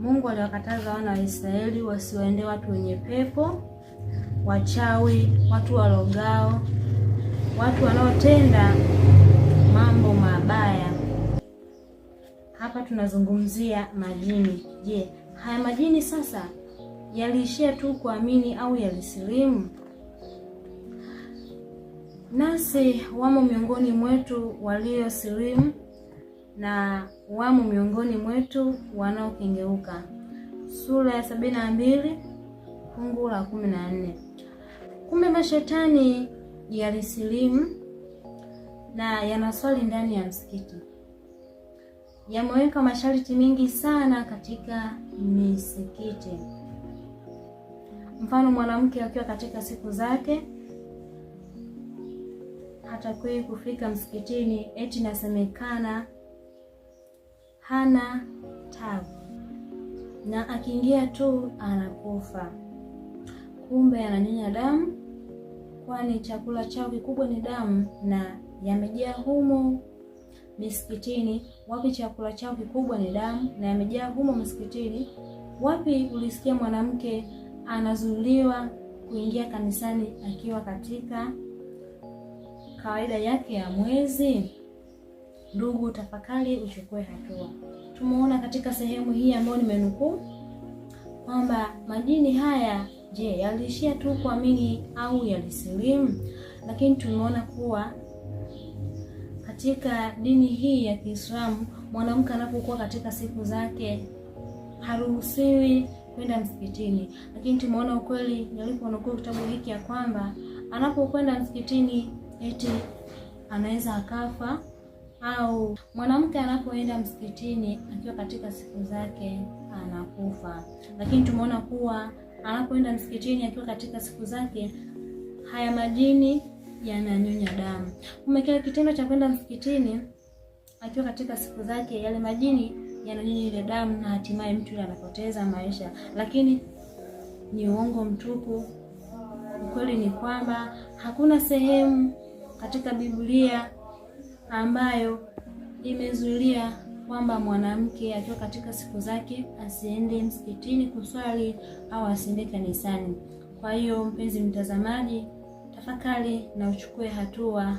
Mungu aliwakataza wana wa Israeli wasiwaende watu wenye pepo, wachawi, watu walogao, watu wanaotenda mambo mabaya. Hapa tunazungumzia majini. Je, haya majini sasa yaliishia tu kuamini au yalisilimu? Nasi wamo miongoni mwetu waliosilimu na wamo miongoni mwetu wanaokengeuka. Sura ya sabini na mbili fungu la kumi na nne. Kumbe mashetani yalisilimu na yanaswali ndani ya msikiti. Yameweka masharti mengi sana katika misikiti. Mfano, mwanamke akiwa katika siku zake hatakiwi kufika msikitini, eti nasemekana hana tabu na akiingia tu anakufa. Kumbe ananyonya damu, kwani chakula chao kikubwa ni damu, na yamejaa humo misikitini. Wapi chakula chao kikubwa ni damu, na yamejaa humo misikitini. Wapi ulisikia mwanamke anazuiliwa kuingia kanisani akiwa katika kawaida yake ya mwezi? Ndugu, tafakari, uchukue hatua. Tumeona katika sehemu hii ambayo nimenukuu kwamba majini haya, je, yaliishia tu kuamini au yalisilimu? Lakini tumeona kuwa katika dini hii ya Kiislamu mwanamke anapokuwa katika siku zake haruhusiwi kwenda msikitini, lakini tumeona ukweli niliponukuu kitabu hiki ya kwamba anapokwenda msikitini eti anaweza akafa au mwanamke anapoenda msikitini akiwa katika siku zake anakufa. Lakini tumeona kuwa anapoenda msikitini akiwa katika siku zake, haya majini yananyonya damu. Umekia kitendo cha kwenda msikitini akiwa katika siku zake, yale majini yananyonya ile damu na hatimaye mtu yule anapoteza maisha, lakini ni uongo mtupu. Ukweli ni kwamba hakuna sehemu katika Biblia ambayo imezuilia kwamba mwanamke akiwa katika siku zake asiende msikitini kuswali au asiende kanisani. Kwa hiyo mpenzi mtazamaji, tafakari na uchukue hatua,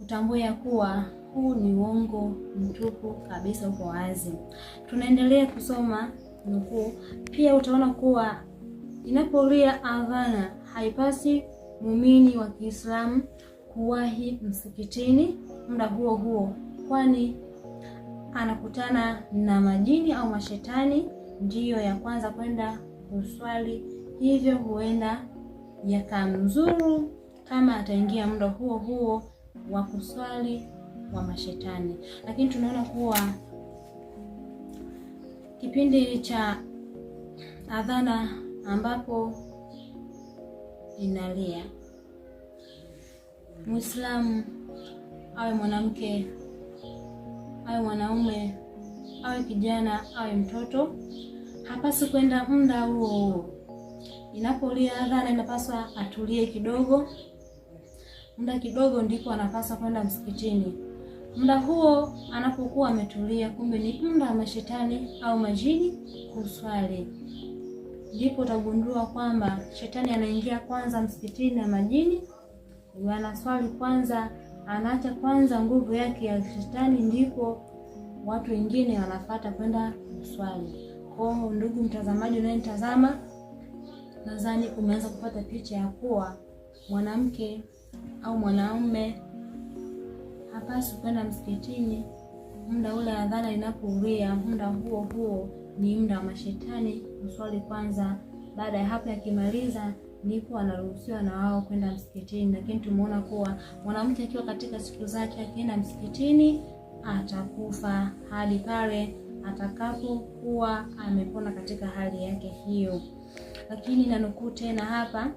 utambue ya kuwa huu ni uongo mtupu kabisa, uko wazi. Tunaendelea kusoma nukuu. Pia utaona kuwa inapolia adhana haipasi muumini wa Kiislamu kuwahi msikitini muda huo huo, kwani anakutana na majini au mashetani ndiyo ya kwanza kwenda kuswali, hivyo huenda yakamzuru kama ataingia muda huo huo wa kuswali wa mashetani. Lakini tunaona kuwa kipindi cha adhana ambapo inalia Muislamu awe mwanamke, awe mwanaume, awe kijana, awe mtoto, hapaswi kwenda muda huo huo. Inapolia adhana, inapaswa atulie kidogo, muda kidogo, ndipo anapaswa kwenda msikitini. Muda huo anapokuwa ametulia, kumbe ni muda wa mashetani au majini kuswali, ndipo utagundua kwamba shetani anaingia kwanza msikitini na majini wanaswali kwanza, anaacha kwanza nguvu yake ya shetani, ndipo watu wengine wanafata kwenda kuswali. Kwa hiyo ndugu mtazamaji unayenitazama, nadhani umeanza kupata picha ya kuwa mwanamke au mwanaume hapaswi kwenda msikitini muda ule adhana inapohuria. Muda huo huo ni muda wa mashetani, mswali kwanza. Baada ya hapo yakimaliza ndipo anaruhusiwa na wao kwenda msikitini, lakini tumeona kuwa mwanamke akiwa katika siku zake akienda msikitini atakufa hadi pale atakapokuwa amepona katika hali yake hiyo. Lakini nanukuu tena hapa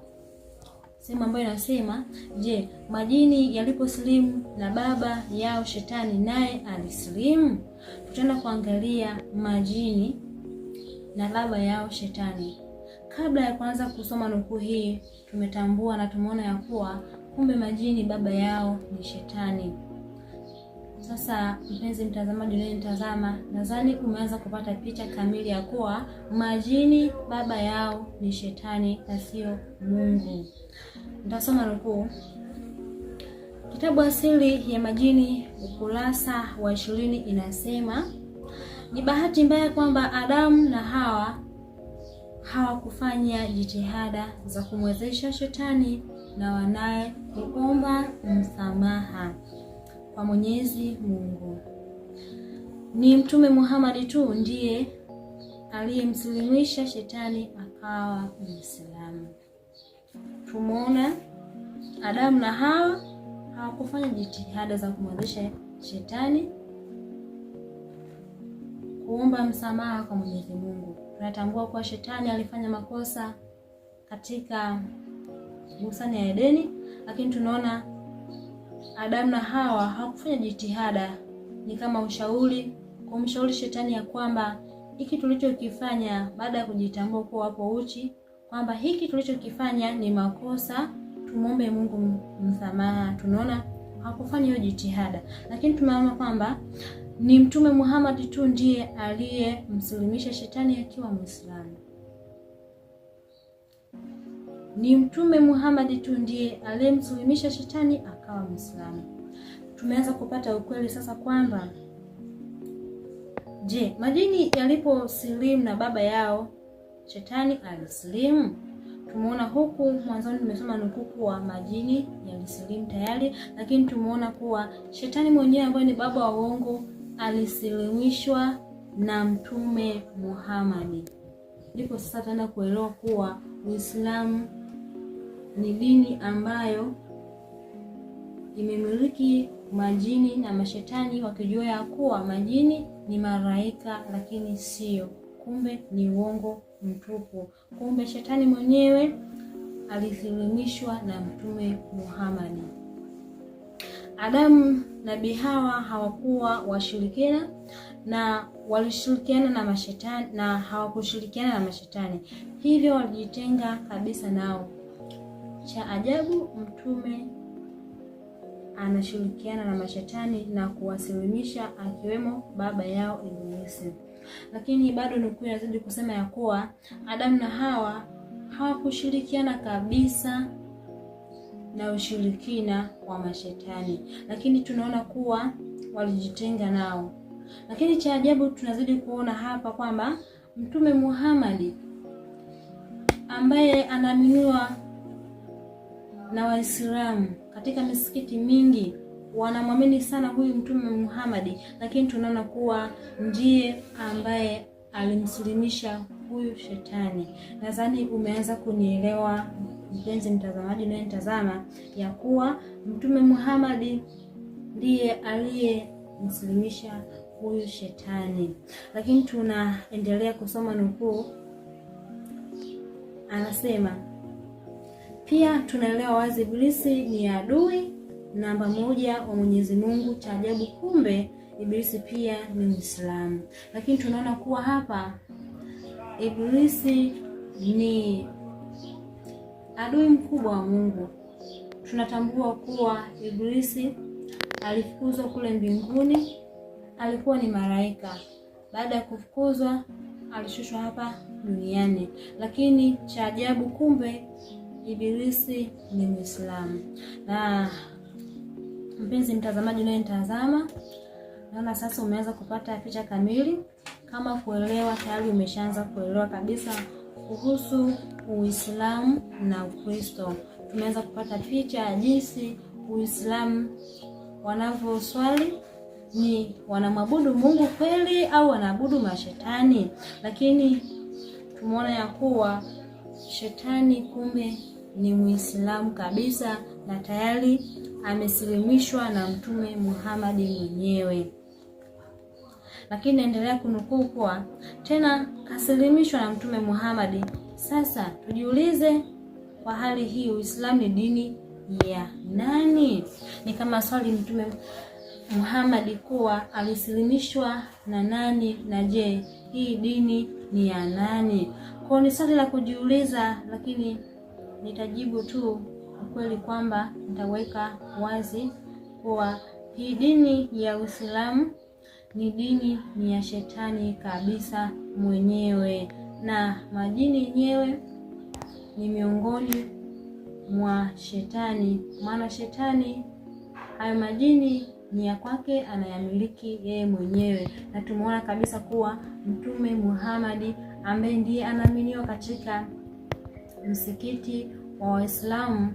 sehemu ambayo inasema, je, majini yaliposilimu na baba yao shetani naye alisilimu? Tutaenda kuangalia majini na baba yao shetani Kabla ya kuanza kusoma nukuu hii, tumetambua na tumeona ya kuwa kumbe majini baba yao ni Shetani. Sasa mpenzi mtazamaji mtazama, nadhani umeanza kupata picha kamili ya kuwa majini baba yao ni Shetani na sio Mungu. Nitasoma nukuu. Kitabu Asili ya Majini ukurasa wa ishirini inasema: ni bahati mbaya kwamba Adamu na Hawa hawakufanya jitihada za kumwezesha shetani na wanaye kuomba msamaha kwa Mwenyezi Mungu. Ni Mtume Muhammad tu ndiye aliyemsilimisha shetani akawa Muislamu. Tumeona Adamu na Hawa hawakufanya jitihada za kumwezesha shetani kuomba msamaha kwa Mwenyezi Mungu. Tunatambua kuwa shetani alifanya makosa katika bustani ya Edeni, lakini tunaona Adamu na Hawa hawakufanya jitihada, ni kama ushauri, kumshauri shetani ya kwamba hiki tulichokifanya, baada ya kujitambua kuwa wapo uchi, kwamba hiki tulichokifanya ni makosa, tumwombe Mungu msamaha. Tunaona hakufanya hiyo jitihada, lakini tumeona kwamba ni Mtume Muhammad tu ndiye aliyemsilimisha shetani akiwa Mwislamu. Ni Mtume Muhammad tu ndiye aliyemsilimisha shetani akawa Mwislamu. Tumeanza kupata ukweli sasa kwamba je, majini yaliposilimu na baba yao shetani alisilimu? Tumeona huku mwanzoni tumesoma nukuu kuwa majini yalisilimu tayari, lakini tumeona kuwa shetani mwenyewe ambaye ni baba wa uongo alisilimishwa na Mtume Muhammad. Ndipo sasa tutaenda kuelewa kuwa Uislamu ni dini ambayo imemiliki majini na mashetani, wakijua ya kuwa majini ni maraika lakini sio. Kumbe ni uongo mtupu. Kumbe shetani mwenyewe alisilimishwa na Mtume Muhammad. Adamu na Bihawa hawakuwa washirikina na walishirikiana na mashetani na hawakushirikiana na mashetani, hivyo walijitenga kabisa nao. Cha ajabu, mtume anashirikiana na mashetani na kuwasilimisha akiwemo baba yao Ibilisi. Lakini bado nukuu inazidi kusema ya kuwa Adamu na Hawa hawakushirikiana kabisa na ushirikina wa mashetani, lakini tunaona kuwa walijitenga nao. Lakini cha ajabu tunazidi kuona hapa kwamba Mtume Muhammad ambaye anaaminiwa na Waislamu katika misikiti mingi wanamwamini sana huyu Mtume Muhammad, lakini tunaona kuwa ndiye ambaye alimsilimisha huyu shetani. Nadhani umeanza kunielewa mpenzi mtazamaji mtazama ya kuwa Mtume Muhammad ndiye aliyemsilimisha huyu shetani. Lakini tunaendelea kusoma nukuu, anasema pia tunaelewa wazi Ibilisi ni adui namba moja wa Mwenyezi Mungu. Cha ajabu, kumbe Ibilisi pia ni Muislamu. Lakini tunaona kuwa hapa Ibilisi ni adui mkubwa wa Mungu. Tunatambua kuwa Ibilisi alifukuzwa kule mbinguni, alikuwa ni malaika. Baada ya kufukuzwa, alishushwa hapa duniani, lakini cha ajabu, kumbe Ibilisi ni Muislamu. Na mpenzi mtazamaji unayenitazama, naona sasa umeanza kupata picha kamili, kama kuelewa tayari, umeshaanza kuelewa kabisa kuhusu Uislamu na Ukristo. Tumeweza kupata picha ya jinsi Uislamu wanavyoswali ni wanamwabudu Mungu kweli au wanaabudu mashetani, lakini tumeona ya kuwa shetani kumbe ni Muislamu kabisa na tayari amesilimishwa na Mtume Muhammad mwenyewe lakini naendelea kunukuu kuwa tena kasilimishwa na Mtume Muhammad. Sasa tujiulize, kwa hali hii Uislamu ni dini ya nani? Ni kama swali Mtume Muhammad kuwa alisilimishwa na nani, na je hii dini ni ya nani? Kwa ni swali la kujiuliza, lakini nitajibu tu ukweli kwamba nitaweka wazi kuwa hii dini ya Uislamu ni dini ni ya shetani kabisa mwenyewe, na majini yenyewe ni miongoni mwa shetani, maana shetani hayo majini ni ya kwake, anayamiliki yeye mwenyewe. Na tumeona kabisa kuwa Mtume Muhamadi ambaye ndiye anaaminiwa katika msikiti wa Waislamu,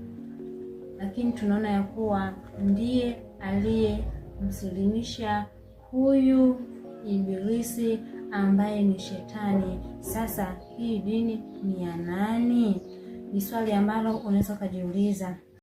lakini tunaona ya kuwa ndiye aliyemsilimisha huyu Ibilisi ambaye ni shetani. Sasa hii dini ni ya nani? Ni swali ambalo unaweza ukajiuliza.